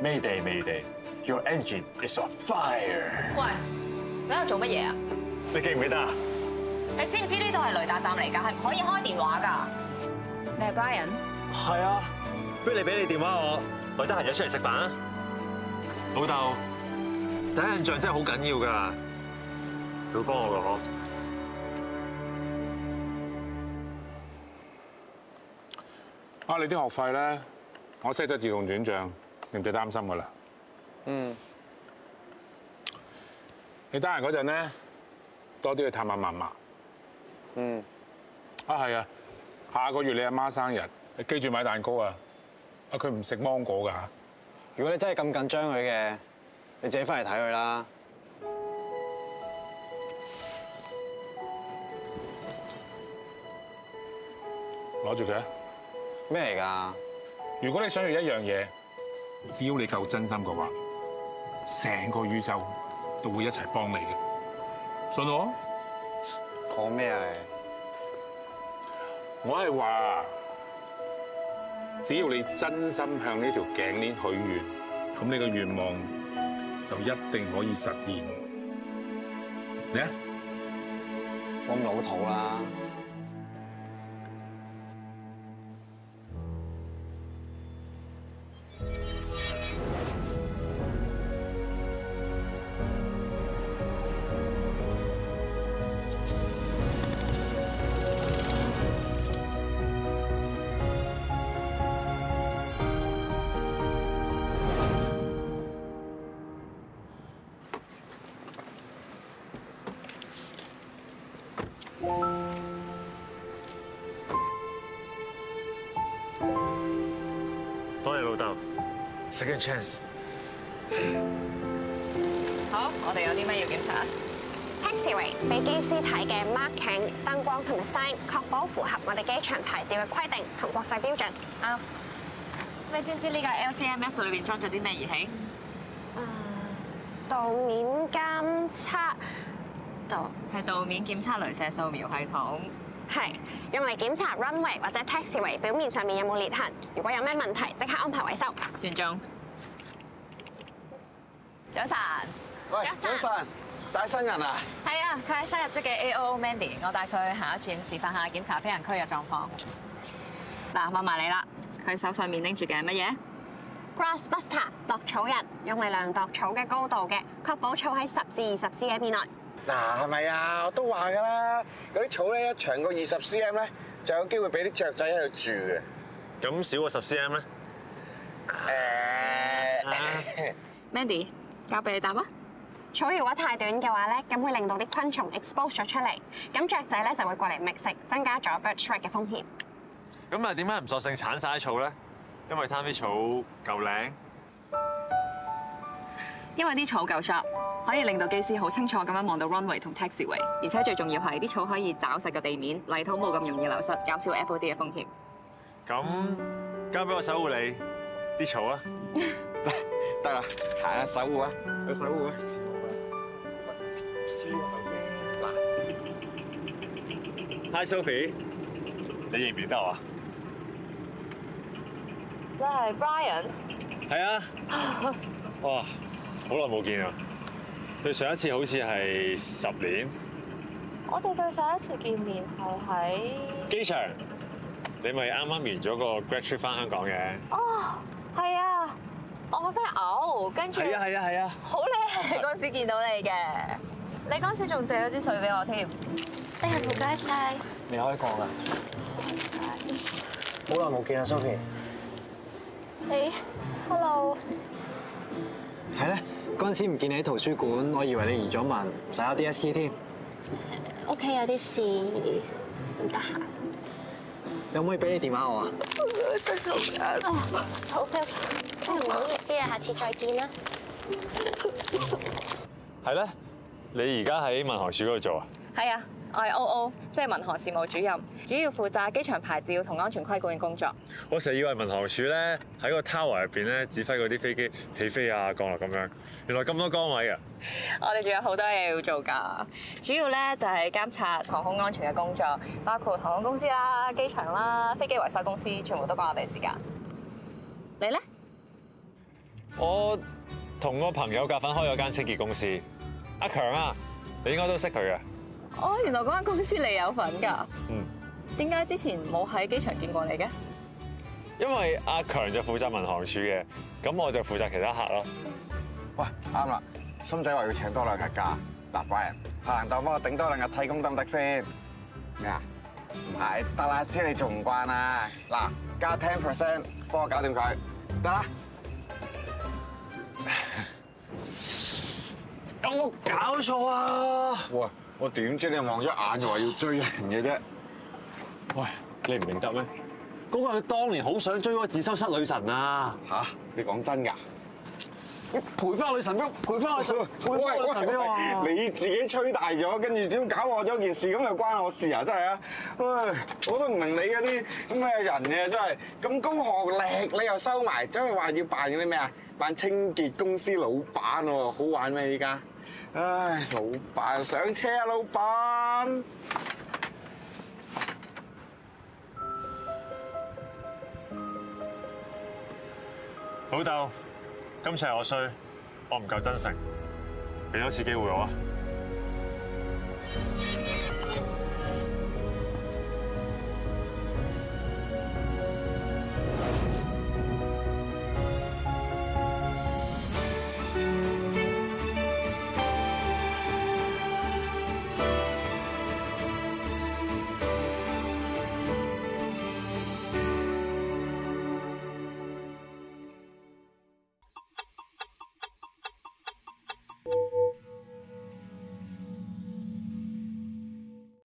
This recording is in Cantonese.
Mayday Mayday，your engine is on fire。喂，你喺度做乜嘢啊？你記唔記得啊？你知唔知呢度係雷達站嚟噶，係唔可以開電話噶。你係 Brian？係啊，不如你俾你電話我，我得閒就出嚟食飯啊。老豆，第一印象真係好緊要噶，要幫我㗎呵。啊，你啲學費咧，我 set 咗自動轉賬。你唔使擔心噶啦。嗯。你得閒嗰陣咧，多啲去探下嫲嫲。嗯。啊，係啊。下個月你阿媽生日，你記住買蛋糕啊。啊，佢唔食芒果㗎吓。如果你真係咁緊張佢嘅，你自己翻嚟睇佢啦。攞住佢。啊，咩嚟㗎？如果你想要一樣嘢，只要你夠真心嘅話，成個宇宙都會一齊幫你嘅。信我？講咩啊？你我係話只要你真心向呢條頸鏈許願，噉你嘅願望就一定可以實現。咩？我老土啦！我係老豆。Second chance。好，我哋有啲咩要檢查？Taxiway 俾機師睇嘅 marking、燈光同埋 sign，確保符合我哋機場牌照嘅規定同國際標準。啊、嗯，你知唔知呢個 LCMS 裏邊裝咗啲咩儀器？誒，uh, 道面監測道係道面檢測雷射掃描系統。係，用嚟檢查 runway 或者 taxiway 表面上面有冇裂痕。如果有咩問題，即刻安排維修。袁總重，早晨，喂安，早晨，大新人啊！係啊，佢係新入職嘅 A O Mandy，我帶佢下一轉，示範下檢查飛行區嘅狀況。嗱，問埋你啦，佢手上面拎住嘅係乜嘢？Grass Buster，度草人，用嚟量度草嘅高度嘅，確保草喺十至二十 cm 以內。嗱，係咪啊？我都話噶啦，嗰啲草咧一長過二十 cm 咧，就有機會俾啲雀仔喺度住嘅。咁少過十 cm 咧？誒，Mandy，交俾你答啊！草如果太短嘅話咧，咁會令到啲昆蟲 expose 咗出嚟，咁雀仔咧就會過嚟覓食，增加咗 bird strike 嘅風險。咁啊，點解唔索性鏟晒啲草咧？因為貪啲草夠靚。因為啲草夠實，可以令到機師好清楚咁樣望到 runway 同 taxiway，而且最重要係啲草可以找實個地面，泥土冇咁容易流失，減少 FOD 嘅風險。咁、嗯、交俾我守護你啲草啊，得得啦，行啊守護啊，去守護啊！Hi Sophie，你認唔認得我？即係 Brian。係啊。 哇。好耐冇見啊！對上一次好似係十年。我哋對上一次見面係喺機場。你咪啱啱完咗個 grad trip 翻香港嘅。哦，係啊！我個 friend 嘔，跟住係啊係啊係啊。好靚。我嗰時見到你嘅，你嗰時仲借咗支水俾我添。你係唔該曬。你可以講㗎！好耐冇見啊，Sophie。誒，Hello。係咧，嗰陣時唔見你喺圖書館，我以為你移咗民，使咗 D S C 添。屋企有啲事，唔得閒。有冇可，可以俾你電話我啊？好，唔好，好，好意思啊，下次再見啦。係咧，你而家喺民航處嗰度做啊？係啊。i O O，即係民航事務主任，主要負責機場牌照同安全規管嘅工作。我成日以為民航署咧喺個 tower 入邊咧指揮嗰啲飛機起飛啊降落咁樣，原來咁多崗位啊！我哋仲有好多嘢要做噶，主要咧就係監察航空安全嘅工作，包括航空公司啦、機場啦、飛機維修公司，全部都關我哋事噶。你咧？我同個朋友夾份開咗間清潔公司。阿強啊，你應該都識佢嘅。哦，oh, 原來嗰間公司你有份㗎。嗯。點解之前冇喺機場見過你嘅？因為阿強就負責民航處嘅，咁我就負責其他客咯。喂，啱啦。心仔話要請多兩日假。嗱，怪人，行就幫我頂多兩日替工得唔得先？咩啊？唔係，得啦，知你做唔慣啦。嗱，加 ten percent，幫我搞掂佢，得啦。 有冇搞錯啊？喂！我點知你望咗一眼就話要追人嘅啫？喂，你唔明得咩？嗰個佢當年好想追嗰個自修室女神啊，啊！嚇，你講真噶？陪翻女神咩？陪翻女神？喂，喂，你自己吹大咗，跟住點搞我咗件事，咁又關我事啊？真係啊！喂，我都唔明你嗰啲咁嘅人嘅，真係咁高學歷，你又收埋，真係話要扮嗰啲咩啊？扮清潔公司老闆喎，好玩咩依家？唉，老闆上車啊！老闆，老豆，今次係我衰，我唔夠真誠，俾多次機會我啊！